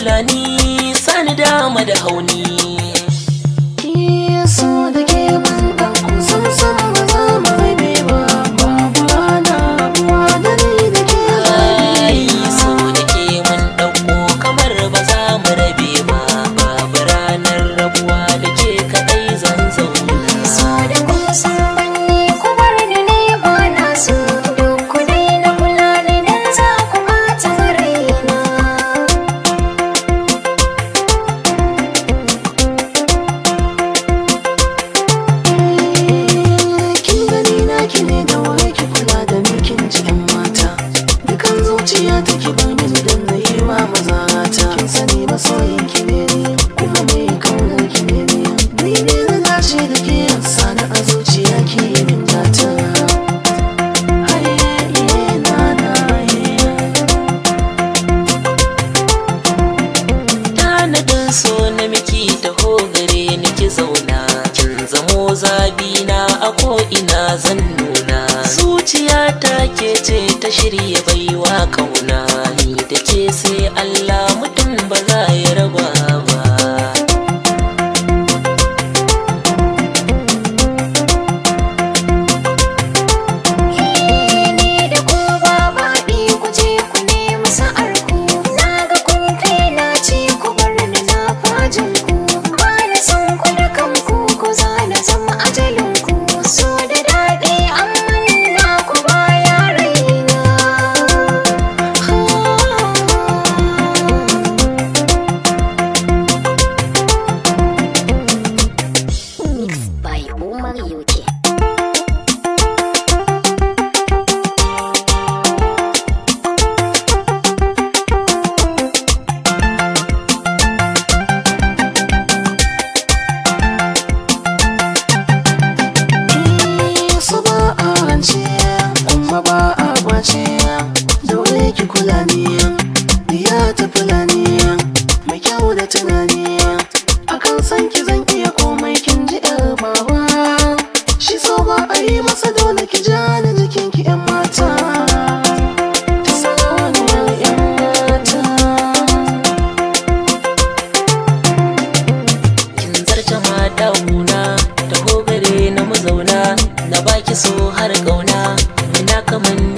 fulani sani dama da hauni zuciya take ba ni zudan na yi wa maza ta kin sani ba soyin ki ne ni kuma mai kaunar ki ne ni ni ne na lashe da ke sana a zuciya ki yi min gata Tanadin so na miki taho gare ni ki zauna kin zamo na a ko ina zan nuna zuciya ta ke ce ta shirya bai wa kauna ni da ce sai Allah so har kauna ina kaman